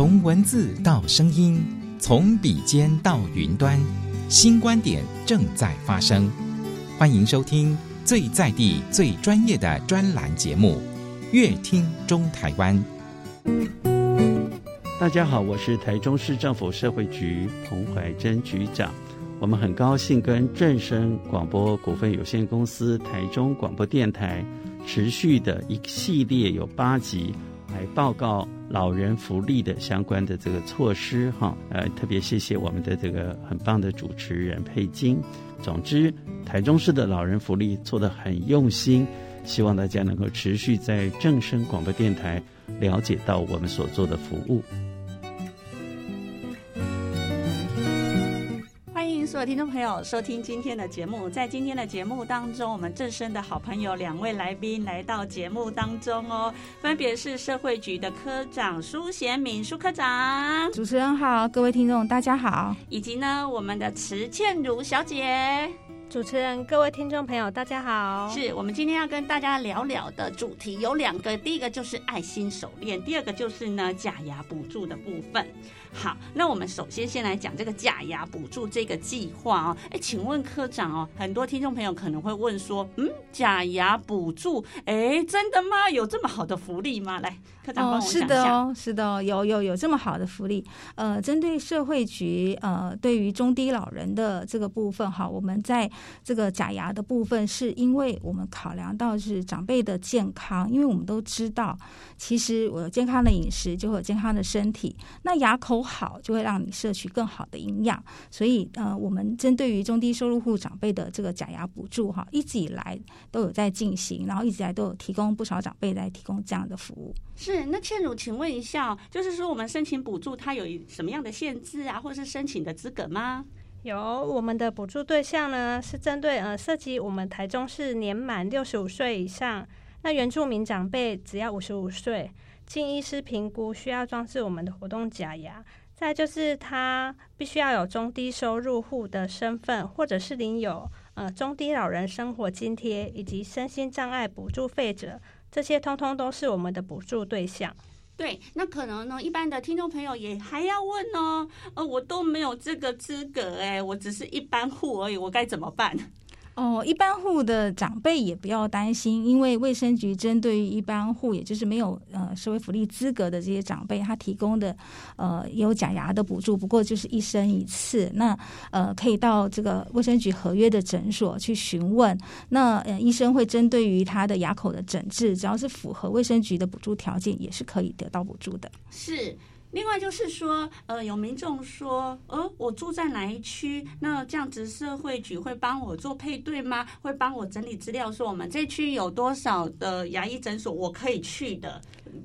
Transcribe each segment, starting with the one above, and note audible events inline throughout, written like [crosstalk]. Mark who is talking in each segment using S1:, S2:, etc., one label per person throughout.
S1: 從文字到聲音，從筆尖到雲端，新觀點正在發生。歡迎收聽最在地、最專業的專欄節目《月聽中台灣》。大家好，我是台中市政府社會局
S2: 彭懷真局長。我們很高興跟正聲廣播股份有限公司台中廣播電台持續的一系列有八集。來報告老人福利的相關的這個措施，哈，呃，特別謝謝我們的這個很棒的主持人佩金。總之，台中市的老人福利做得很用心，希望大家能夠持續在正聲廣播電台了解到我們所做的服務。各位聽眾朋友，收聽今天的節目。在今天的節目當中，我們資深的好朋友兩位來賓來到節目當中哦，分別是社會局的科長蘇賢敏蘇科長。
S1: 主持人好，各位聽眾大家好，
S2: 以及呢我們的池倩茹小姐。主持人，各位聽眾
S3: 朋友，大家好。是
S2: 我們今天要跟大家聊聊的主題有兩個，第一個就是愛心手鏈，第二個就是呢假牙補助的部分。好，那我們首先先來講這個假牙補助這個計劃哦。誒，請問科長哦，很多聽眾朋友可能會問說，嗯，假牙補助，誒，真的嗎？有這麼好的福利嗎？來，科長幫我想一
S1: 下。哦，是的哦，是的哦，有有有這麼好的福利。呃，針對社會局呃，對於中低老人的這個部分哈，我們在這個假牙的部分，是因為我們考量到是長輩的健康，因為我們都知道，其實我有健康的飲食就會有健康的身體，那牙口好就會讓你攝取更好的營養。所以，呃，我們針對於中低收入戶長輩的這個假牙補助，哈，一直以來都有在進行，然後一直來都有提供不少長輩來提供這樣的服務。
S2: 是，那倩茹，請問一下，就是說我們申請補助，它有什麼樣的限制啊，或者是
S3: 申請的資格嗎？有我們的補助對象呢，是針對呃設籍我們台中市年滿六十五歲以上，那原住民長輩只要五十五歲，經醫師評估需要裝置我們的活動假牙，再就是他必須要有中低收入戶的身份，或者是領有呃中低老人生活津貼以及身心障礙補助費者，這些通通都是我們的補助對象。
S2: 對，那可能呢，一般的聽眾朋友也還要問哦，呃，我都沒有這個資格哎、欸，我只是一般戶而已，我該怎麼辦？
S1: 哦，一般戶的長輩也不要擔心，因為衛生局針對於一般戶，也就是沒有呃社會福利資格的這些長輩，他提供的呃有假牙的補助，不過就是一生一次。那呃可以到這個衛生局合約的診所去詢問，那呃醫生會針對於他的牙口的診治，只要是符合衛生局的補助條件，也是可以得到補助的。
S2: 是。另外就是說，呃，有民眾說，呃，我住在哪一區？那這樣子，社會局會幫我做配對嗎？會幫我整理資料說，說我們這區有多少的牙醫診所我可以去的，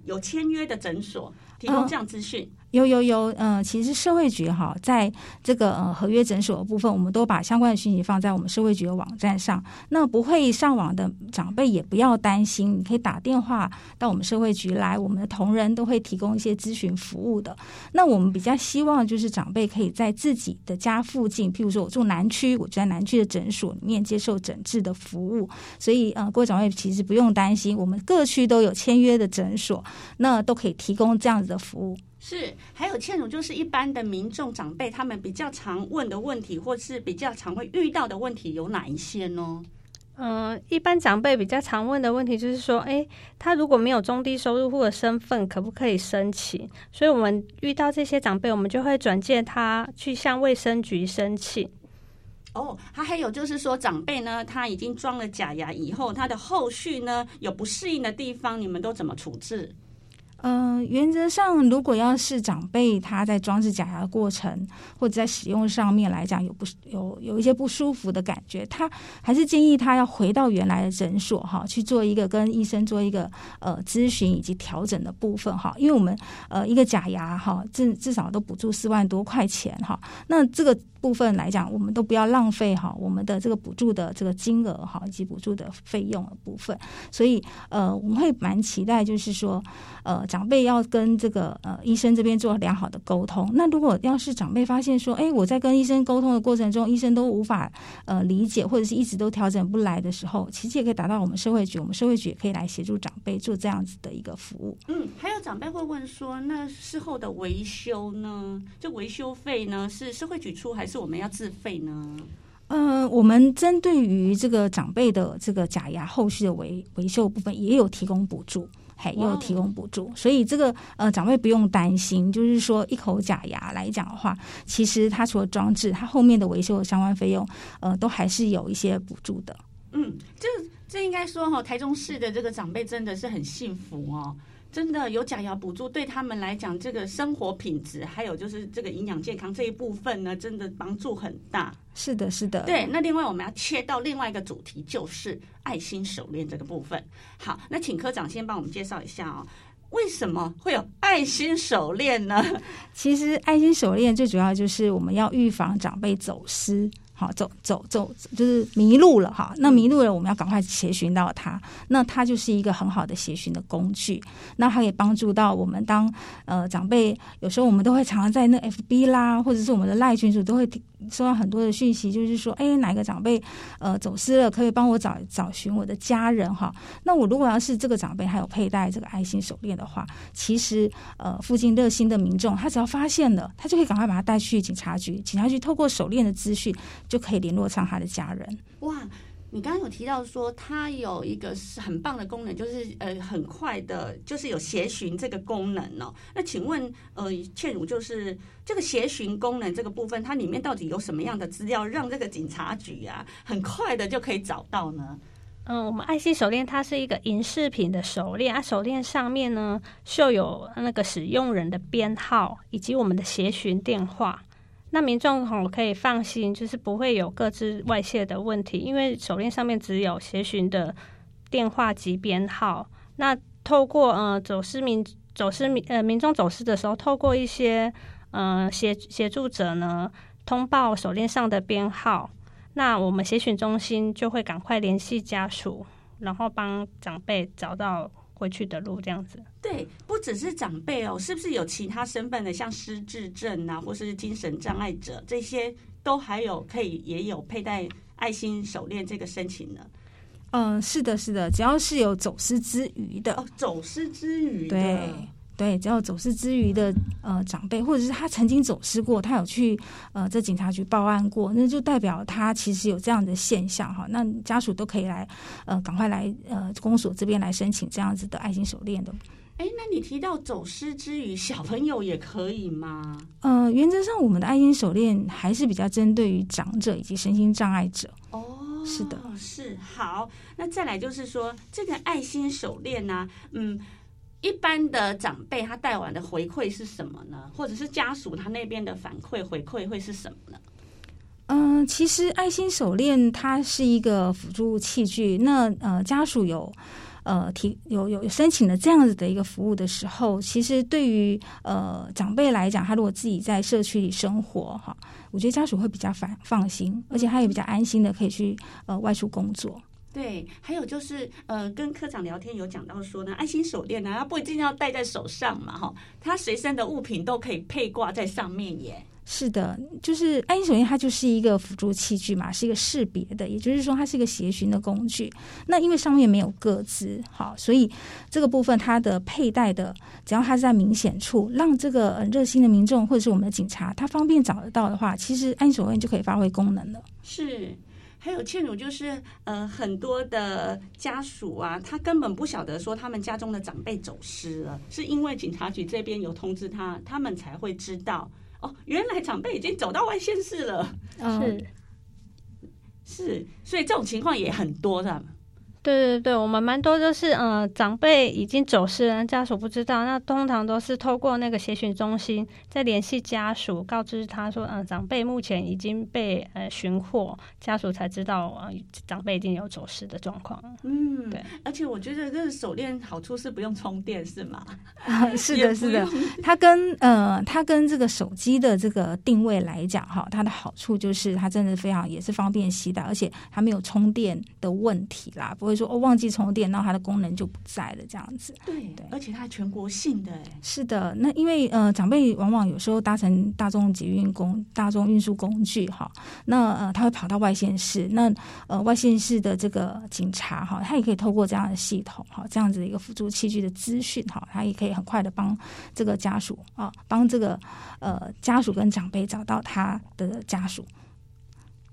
S2: 有簽約的診所，提供這樣資訊。Uh.
S1: 有有有，嗯，其實社會局哈，在這個呃合約診所的部分，我們都把相關的訊息放在我們社會局的網站上。那不會上網的長輩也不要擔心，你可以打電話到我們社會局來，我們的同仁都會提供一些諮詢服務的。那我們比較希望就是長輩可以在自己的家附近，譬如說我住南區，我就在南區的診所裡面接受診治的服務。所以，呃，各位長輩其實不用擔心，我們各區都有簽約的診所，那都可以提供這樣子的服務。
S2: 是，還有倩茹，就是一般的民眾長輩，他們比較常問的問題，或是比較常會遇到的問題有哪一些呢？嗯、
S3: 呃，一般長輩比較常問的問題就是說，哎，他如果沒有中低收入戶的身份，可不可以申請？所以我們遇到這些長輩，我們就會轉介他去向衛生局申請。
S2: 哦，他還有就是說，長輩呢，他已經裝了假牙以後，他的後續呢有不適應的地方，你們都怎麼處置？
S1: 嗯、呃，原則上，如果要是長輩他在裝置假牙的過程，或者在使用上面來講有不有有一些不舒服的感覺，他還是建議他要回到原來的診所哈，去做一個跟醫生做一個呃諮詢以及調整的部分哈，因為我們呃一個假牙哈至至少都補助四萬多塊錢哈，那這個。部分來講，我們都不要浪費哈，我們的這個補助的這個金額哈，以及補助的費用的部分，所以呃我們會蠻期待就是說呃長輩要跟這個呃醫生這邊做良好的溝通。那如果要是長輩發現說，誒，我在跟醫生溝通的過程中，醫生都無法呃理解或者是一直都調整不來的時候，其實也可以打到我們社會局，我們社會局也可以來協助長輩做這樣子的一個服務。嗯，
S2: 還有長輩會問說，那事後的維修呢？這維修費呢是社會局出還是？是我們要自費
S1: 呢？呃，我們針對於這個長輩的這個假牙後續的維維修部分，也有提供補助，嘿，Wow. 也有提供補助，所以這個呃長輩不用擔心，就是說一口假牙來講的話，其實它除了裝置，它後面的維修的相關費用，呃，都還是有一些補助的。
S2: 嗯，這這應該說哈、哦，台中市的這個長輩真的是很幸福哦。真的有假牙補助，對他們來講，這個生活品質，還有就是這個營養健康這一部分呢，真的幫助很大。是
S1: 的，是的，是的。對，
S2: 那另外我們要切到另外一個主題，就是愛心手鏈這個部分。好，那請科長先幫我們介紹一下哦，為什麼會有愛心手鏈呢？
S1: 其實愛心手鏈最主要就是我們要預防長輩走失。好走走走，就是迷路了哈。那迷路了，我們要趕快協尋到他。那他就是一個很好的協尋的工具。那他可以幫助到我們當，當呃長輩有時候，我們都會常常在那 FB 啦，或者是我們的賴群組都會聽，收到很多的訊息，就是說，哎、欸，哪一個長輩，呃，走失了，可以幫我找找尋我的家人哈。那我如果要是這個長輩還有佩戴這個愛心手鏈的話，其實，呃，附近熱心的民眾，他只要發現了，他就可以趕快把他帶去警察局，警察局透過手鏈的資訊，就可以聯絡上他的家人。
S2: 哇！你剛剛有提到說，它有一個是很棒的功能，就是呃很快的，就是有協尋這個功能哦。那請問呃倩茹，就是這個協尋功能這個部分，它裡面到底有什麼樣的資料，讓這個警察局啊很快的就可以找到呢？
S3: 嗯，我們愛心手鏈它是一個銀飾品的手鏈，啊手鏈上面呢繡有那個使用人的編號以及我們的協尋電話。那民眾可以放心，就是不會有個資外洩的問題，因為手鏈上面只有協尋的電話及編號。那透過呃走失民走失民呃民眾走失的時候，透過一些呃協協助者呢，通報手鏈上的編號，那我們協尋中心就會趕快聯繫家屬，然後幫長輩找到。回去的路，這樣子，對，
S2: 不只是長輩哦，是不是有其他身份的，像失智症啊，或是精神障礙者，這些都還有可以也有佩戴愛心手鏈這個申請呢？嗯，
S1: 是的，是的，只要是有走失之餘的。哦，走失之余的。對。對，只要走失之餘的呃長輩，或者是他曾經走失過，他有去呃在警察局報案過，那就代表他其實有這樣的現象哈。那家屬都可以來呃，趕快來呃公所這邊來申請這樣子的愛心手鏈的。哎，那你
S2: 提到走失之餘，小朋友也可以嗎？
S1: 呃，原則上我們的愛心手鏈還是比較針對於長者以及身心障礙者。哦，是的，
S2: 是好。那再來就是說，這個愛心手鏈呢、啊，嗯。一般的長輩他帶完的回饋是什麼呢？或者是家屬他那邊的反饋回饋會是
S3: 什麼
S1: 呢？嗯，其實愛心手鏈它是一個輔助器具。那呃，家屬有呃提有有，有申請了這樣子的一個服務的時候，其實對於呃長輩來講，他如果自己在社區裡生活哈，我覺得家屬會比較放放心，而且他也比較安心的可以去呃外出工作。
S2: 對，還有就是，呃，跟科長聊天有講到說呢，愛心手鏈呢、啊，它不一定要戴在手上嘛，哈，它隨身的物品都可以配掛在上面耶。
S1: 是的，就是愛心手鍊，它就是一個輔助器具嘛，是一個識別的，也就是說，它是一個協尋的工具。那因為上面沒有個字，哈，所以這個部分它的佩戴的，只要它是在明顯處，讓這個熱心的民眾或者是我們的警察，他方便找得到的話，其實愛心手鍊就可以發揮功能了。
S2: 是。還有倩茹，就是呃，很多的家屬啊，他根本不曉得說他們家中的長輩走失了，是因為警察局這邊有通知他，他們才會知道哦，原來長輩已經走到外縣市了，oh. 是是，所以這種情況也很多
S3: 的。是對對對，我們蠻多就是，呃，長輩已經走失，家屬不知道。那通常都是透過那個協尋中心在聯繫家屬，告知他說，嗯、呃，長輩目前已經被呃尋獲，家屬才知道啊、呃，長輩已經有走失
S1: 的狀況。嗯，對。
S2: 而且我覺得這個手鏈好處是不用充電，是嗎？
S1: 是的、嗯，是的。它跟呃，它跟這個手機的這個定位來講，哈，它的好處就是它真的是非常也是方便攜帶，而且它沒有充電的問題啦，不會。說哦，忘記充電，然後它的功能就不在了，這樣子。
S2: 對，對，而且它是全國
S1: 性的，欸，是的。那因為呃，長輩往往有時候搭乘大眾捷運工、大眾運輸工具，哈、哦，那呃，他會跑到外縣市，那呃，外縣市的這個警察，哈、哦，他也可以透過這樣的系統，哈、哦，這樣子一個輔助器具的資訊，哈、哦，他也可以很快的幫這個家屬啊、哦，幫這個呃家屬跟長輩找到他的家屬。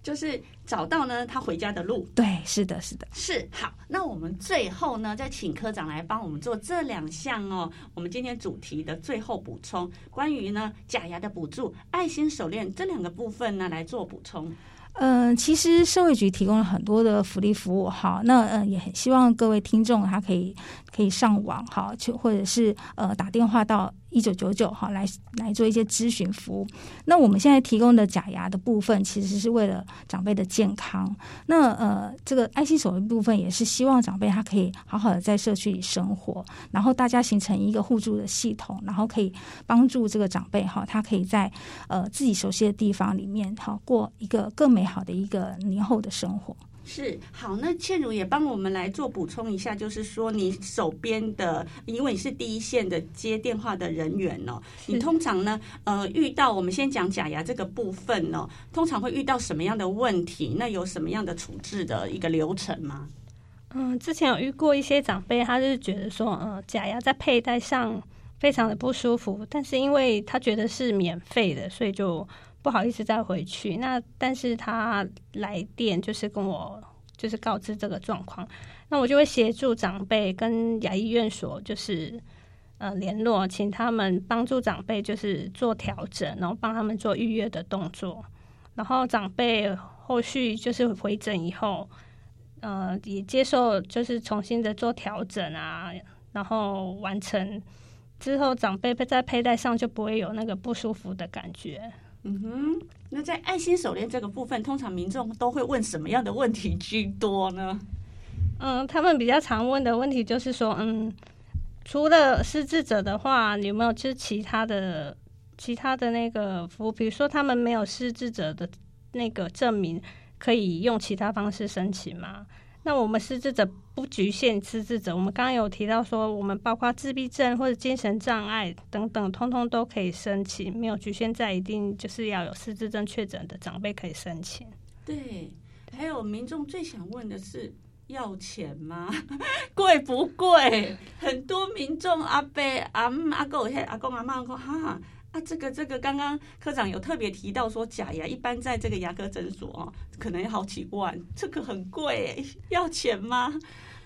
S2: 就是找到呢他，回家的路，
S1: 對，是的，是的，
S2: 是好。那我們最後呢，再請科長來幫我們做這兩項哦，我們今天主題的最後補充，關於呢假牙的補助、愛心手鏈這兩個部分呢來做補充。
S1: 嗯、呃，其實社會局提供了很多的福利服務，哈。那嗯、呃、也很希望各位聽眾他可以可以上網，哈，去或者是呃打電話到。一九九九哈，來來做一些諮詢服務。那我們現在提供的假牙的部分，其實是為了長輩的健康。那呃，這個愛心手鍊部分也是希望長輩他可以好好的在社區裡生活，然後大家形成一個互助的系統，然後可以幫助這個長輩哈，他可以在呃自己熟悉的地方裡面哈，過一個更美好的一個年後的生活。
S2: 是，好，那倩如也幫我們來做補充一下，就是說你手邊的，因為你是第一線的接電話的人員呢、哦，是你通常呢，呃，遇到我們先講假牙這個部分呢、哦，通常會遇到什麼樣的問題？那有什麼樣的處置的一個流程嗎？嗯，
S3: 之前有遇過一些長輩，他就是覺得說，嗯、呃，假牙在佩戴上非常的不舒服，但是因為他覺得是免費的，所以就。不好意思，再回去那，但是他來電就是跟我就是告知這個狀況，那我就會協助長輩跟牙醫院所就是呃聯絡，請他們幫助長輩就是做調整，然後幫他們做預約的動作，然後長輩後續就是回診以後，呃也接受就是重新的做調整啊，然後完成之後，長輩在佩戴上就不會有那個不舒服的感覺。
S2: 嗯哼，那在愛心手鏈這個部分，通常民眾都會問什麼樣的問題居多呢？嗯，
S3: 他們比較常問的問題就是說，嗯，除了失智者的話，你有沒有就其他的其他的那個服務，比如說他們沒有失智者的那個證明，可以用其他方式申請嗎？那我們失智者，不局限失智者，我們剛剛有提到說，我們包括自閉症或者精神障礙等等，通通都可以申請，沒有局限在一定就是要有失智症確診的長輩可以申請。
S2: 對，還有民眾最想問的是要錢嗎？
S3: 貴 [laughs] 不貴？ [laughs] 很多民眾阿伯、阿
S2: 姆、阿公、阿公阿媽講哈。啊，這個這個，剛剛科長有特別提到說，假牙一般在這個牙科診所哦，可能要好幾萬，這個很貴誒，要錢
S1: 嗎？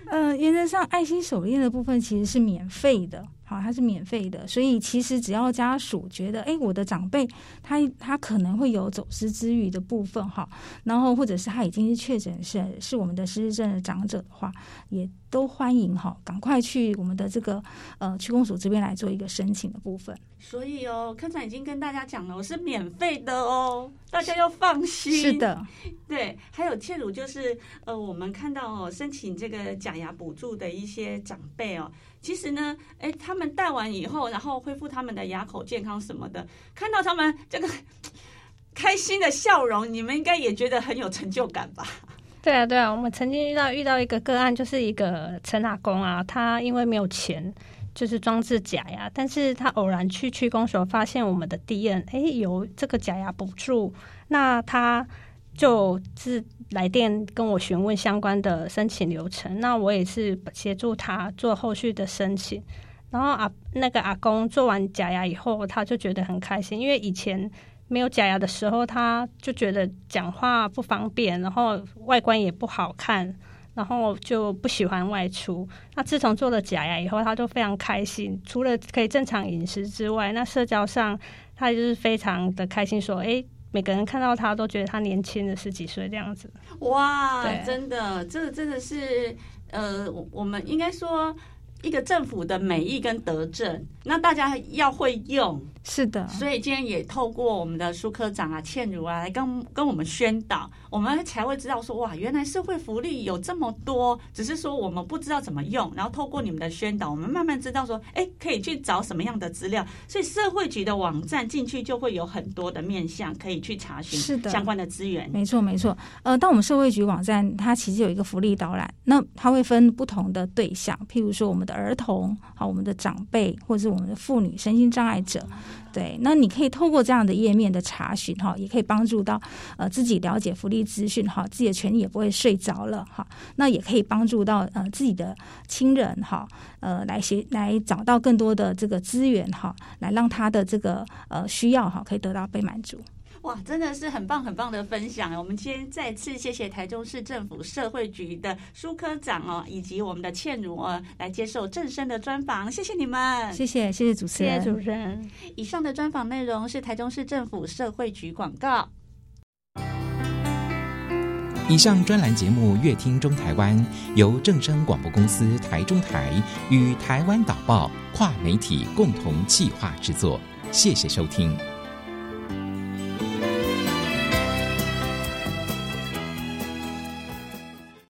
S1: 嗯、呃，原則上愛心手鏈的部分其實是免費的。好，它是免費的，所以其實只要家屬覺得，哎、欸，我的長輩他他可能會有走失之虞的部分哈，然後或者是他已經確診是確診是是我們的失智症的長者的話，也都歡迎哈，趕快去我們的這個呃區公所這邊來做一個申請的部分。
S2: 所以哦，科長已經跟大家講了，我是免費的哦，大家要放心。是，是的，對，還有倩茹就是呃，我們看到哦，申請這個假牙補助的一些長輩哦。其實呢，誒他們戴完以後，然後恢復他們的牙口健康什麼的，看到他們這個開心的笑容，你們應該也覺得很有成就感吧？
S3: 對啊，對啊，我們曾經遇到遇到一個個案，就是一個陳阿公啊，他因為沒有錢，就是裝置假牙，但是他偶然去區公所發現我們的 D N A，哎，有這個假牙補助，那他。就自來電跟我詢問相關的申請流程，那我也是協助他做後續的申請。然後啊，那個阿公做完假牙以後，他就覺得很開心，因為以前沒有假牙的時候，他就覺得講話不方便，然後外觀也不好看，然後就不喜歡外出。那自從做了假牙以後，他就非常開心，除了可以正常飲食之外，那社交上他就是非常的開心，說、欸、哎。每個人看到他都覺得他年輕了十幾歲這樣子。
S2: 哇，對真的，這真的是，呃，我們應該說。一個政府的美意跟德政，那大家要會用，是的。所以今天也透過我們的舒科長啊、倩如啊來跟跟我們宣導，我們才會知道說哇，原來社會福利有這麼多，只是說我們不知道怎麼用。然後透過你們的宣導，我們慢慢知道說，哎，可以去找什麼樣的資料。所以社會局的網站進去就會有很多的面向可以去查
S1: 詢，是的，相關的資源。沒錯，沒錯。呃，但我們社會局網站它其實有一個福利導覽，那它會分不同的對象，譬如說我們。的兒童，好，我們的長輩，或者是我們的婦女、身心障礙者，對，那你可以透過這樣的頁面的查詢，哈，也可以幫助到呃自己了解福利資訊，哈，自己的權益也不會睡着了，哈，那也可以幫助到呃自己的親人，哈，呃來學來找到更多的這個資源，哈，來讓他的這個呃需要，哈，可以得到被滿足。
S2: 哇，真的是很棒很棒的分享！我們今天再次謝謝台中市政府社會局的舒科長哦，以及我們的倩茹、哦、來接受正聲的專訪，謝謝你們。謝
S1: 謝謝
S3: 謝主持人，謝謝主持人。謝謝
S2: 持人，以上的專訪內容是台中市政府社會局廣告。
S1: 以上專欄節目《樂聽中台灣》由正聲廣播公司台中台與台灣導報跨媒體共同計劃制作，謝謝收聽。